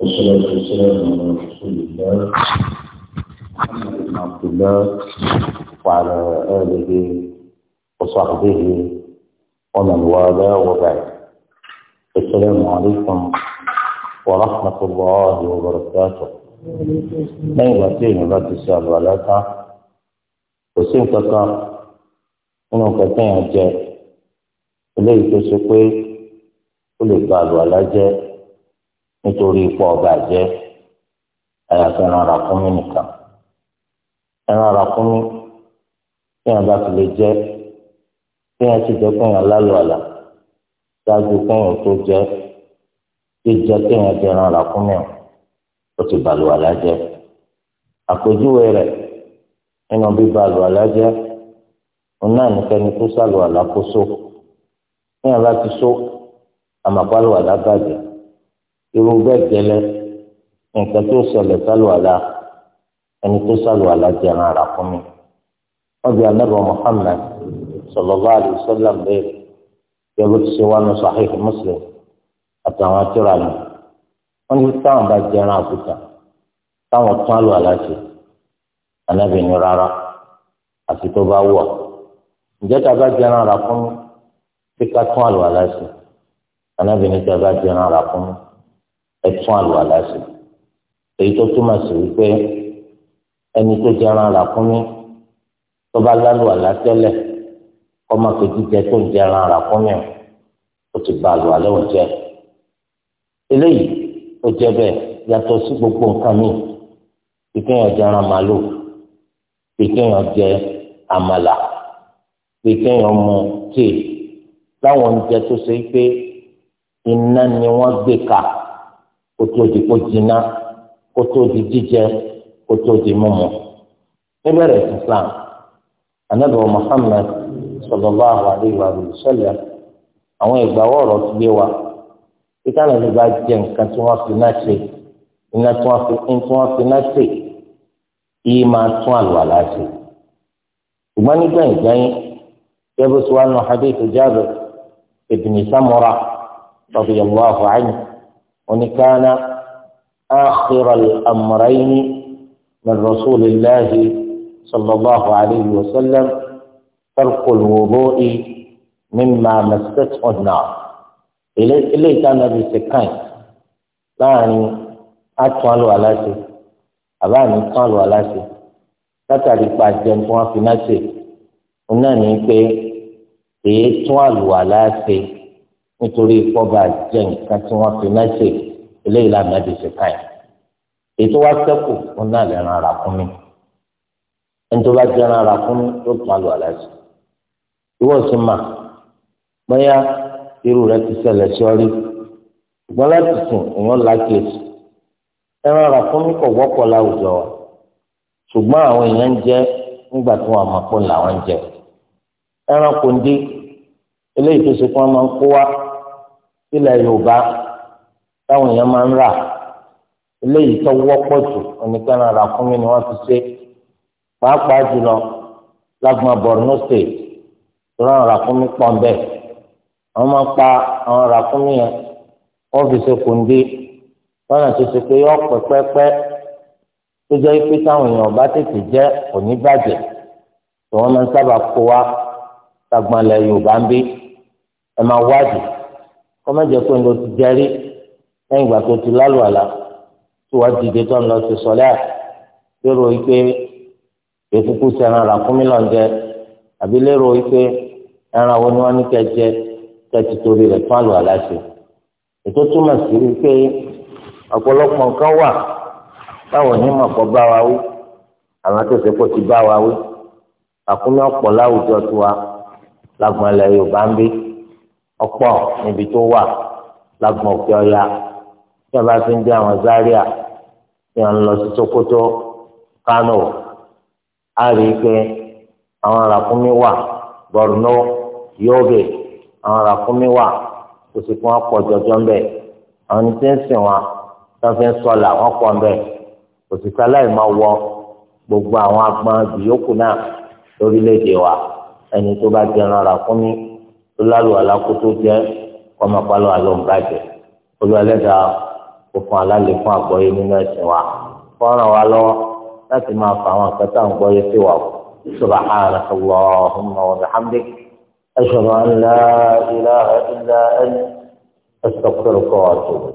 والصلاة والسلام على رسول الله محمد بن عبد الله وعلى آله وصحبه ومن والاه وبعد السلام عليكم ورحمة الله وبركاته lẹ́yìn ìgbà tí èèyàn bá ti ṣe àlùwàlá tán kò sí nǹkan kan nínú nǹkan téèyàn nítorí ipò ọba jẹ́ àyàfi ẹran ràkúnmí nìkan ẹran ràkúnmí tí wọn bá fi lè jẹ tí wọn sì jẹ pé wọn lálọ àlà ṣáájú pé wọn tó jẹ jíjẹ tí wọn jẹ ẹran ràkúnmí o ó ti bàlùwà lájẹ àpèjúwe rẹ̀ nínú bíbá àlùwà lájẹ òun náà nìkẹ́ni tó sàlùwà lákòóso tí wọn bá ti so àmàpálùwà lábàjẹ́. irú bẹ́ẹ̀ gẹ́lẹ́ nǹkan tó ṣẹlẹ̀ sálùwàlà ẹni tó sálùwàlà jẹran ara fún mi wọ́n bí Muhammad sallallahu alaihi wasallam bẹ́ẹ̀ ti ṣe Sahih Muslim àtàwọn àtúrà mi wọ́n ní táwọn bá jẹran àkúta táwọn tún àlùwàlà ṣe anábì ní rárá àti tó bá wọ̀ ǹjẹ́ a bá jẹran ara fún mi kíkà tún àlùwàlà ẹtún àlùwàlá sí èyí tó túmọ̀ sí wípé ẹni tó jẹ ẹran ràkúnmí tó bá lálùwàlá tẹ́lẹ̀ ọmọ kejì jẹ tó ń jẹ ẹran ràkúnmí ó ti ba àlùwàlá òun jẹ́ eléyìí ó jẹ́ bẹ́ẹ̀ yàtọ̀ sí gbogbo nǹkan míì kéèyàn jẹ ẹran màlúù kéèyàn jẹ àmàlà kéèyàn mu tíì láwọn oúnjẹ tó ṣe pé iná ni wọ́n gbé ka kó tó di kó jiná kó tó di jíjẹ kó tó di mímu níbẹ̀rẹ̀ islam anabi muhammed sallallahu alayhi wa sallam àwọn ìgbàwọ ọ̀rọ̀ ti gbé wa títà náà ló bá jẹ nǹkan tí wọ́n fi náà ṣe iná tí wọ́n fi ń tí wọ́n fi náà ṣe yìí máa tún àlùwàlá ṣe ṣùgbọ́n nígbà ìgbẹ̀yìn yẹ́bùsùn wa nù hadith jábẹ̀ ibn samura radiyallahu anhu. ونكان آخر الأمرين من رسول الله صلى الله عليه وسلم ترك الوضوء مما مسته النار إليه كان النبي سكين يعني أتوالوا على شيء أباني قالوا على شيء látàrí pa jẹun tí wọn fi náà ṣe òun náà nítorí ìfọba jẹ nǹkan tí wọ́n fi náà eléyìí lànà ti ṣe káyà ètò wa sẹ́kù fún náà lè ran ara fún mi ẹni tó bá jẹ́ ran ara fún mi ló tún àlọ́ àlàyé ìwọ sí mà bóyá irú rẹ ti ṣẹlẹ̀ sí ọ rí ṣùgbọ́n láti sùn èèyàn lákèésì ẹran ara fún mi kò wọ́pọ̀ láwùjọ wa ṣùgbọ́n àwọn èèyàn ń jẹ nígbà tí wọ́n àmọ́ làwọn ń jẹ ẹran kò ń dín eléyìí tó ṣe fún wọn máa ń kó wa ilẹ̀ yorùbá táwọn èèyàn máa ń rà eléyìí tó wọ́pọ̀ jù oníkanra rà fún mi ni wọ́n ti ṣe pàápàá jùlọ lágbọn Borno state tó rán rà fún mi pọ̀ bẹ́ẹ̀ wọ́n máa pa àwọn rà fún mi yẹn ọ́fíìsì kùndí lọ́nà tó ti pé yọ pẹ́pẹ́pẹ́ tó jẹ́ pé táwọn èèyàn bá tètè jẹ́ òní bàjẹ́ tó wọ́n máa ń sábà kó wa lágbọn ilẹ̀ yorùbá ń bí ẹ máa wádìí kọ́mẹ́jọ pé ń lọ ti jẹ́rí lẹ́yìn ìgbà tó ti lálù àlá tó wá dìde tó ń lọ sí sọ́lẹ́ lérò wípé èkúkú sí ẹran ràkúnmí lọ́n jẹ àbí lérò wípé ẹran wo ni wọ́n ní kẹ́ jẹ kẹ́ ti torí rẹ̀ fún àlù àlá ṣe ètò túmọ̀ sí wípé ọ̀pọ̀lọpọ̀ nǹkan wà báwọn onímọ̀ kọ́ bá wa wí àwọn tó ṣe ti bá wa wí àkúnmí ọ̀pọ̀ láwùjọ tiwa lágbọ̀n Yorùbá ń bí ọ̀pọ̀ níbi tó wà lágbọn òkè ọya tí a bá fi ń dé àwọn Zaria tí a ń lọ sí Sokoto Kano a rí i pé àwọn ràkúnmí wà Borno Yobe àwọn ràkúnmí wà kò sì fún wọn pọ̀ jọjọ ń bẹ àwọn ní tí ń sìn wọn tí wọn fi ń sọlà wọn pọ̀ ń bẹ kò sì sáláì máa wọ gbogbo àwọn agbọn ìyókù náà lórílẹ̀èdè wa ẹni tó bá jẹran ràkúnmí tó lálù alákótó jẹ́ ọmọ pálọ àlọ́ǹbàjẹ́ olùwàlẹ́dà kò fún alálẹ̀ fún àgbọ́yé nínú ẹ̀sìn wa fọ́nrán wa lọ́wọ́ láti máa fa àwọn akẹ́tà ń gbọ́yé sí wa subhanaka allahumma wa bihamdik ashhadu an la ilaha illa anta astaghfiruka wa atubu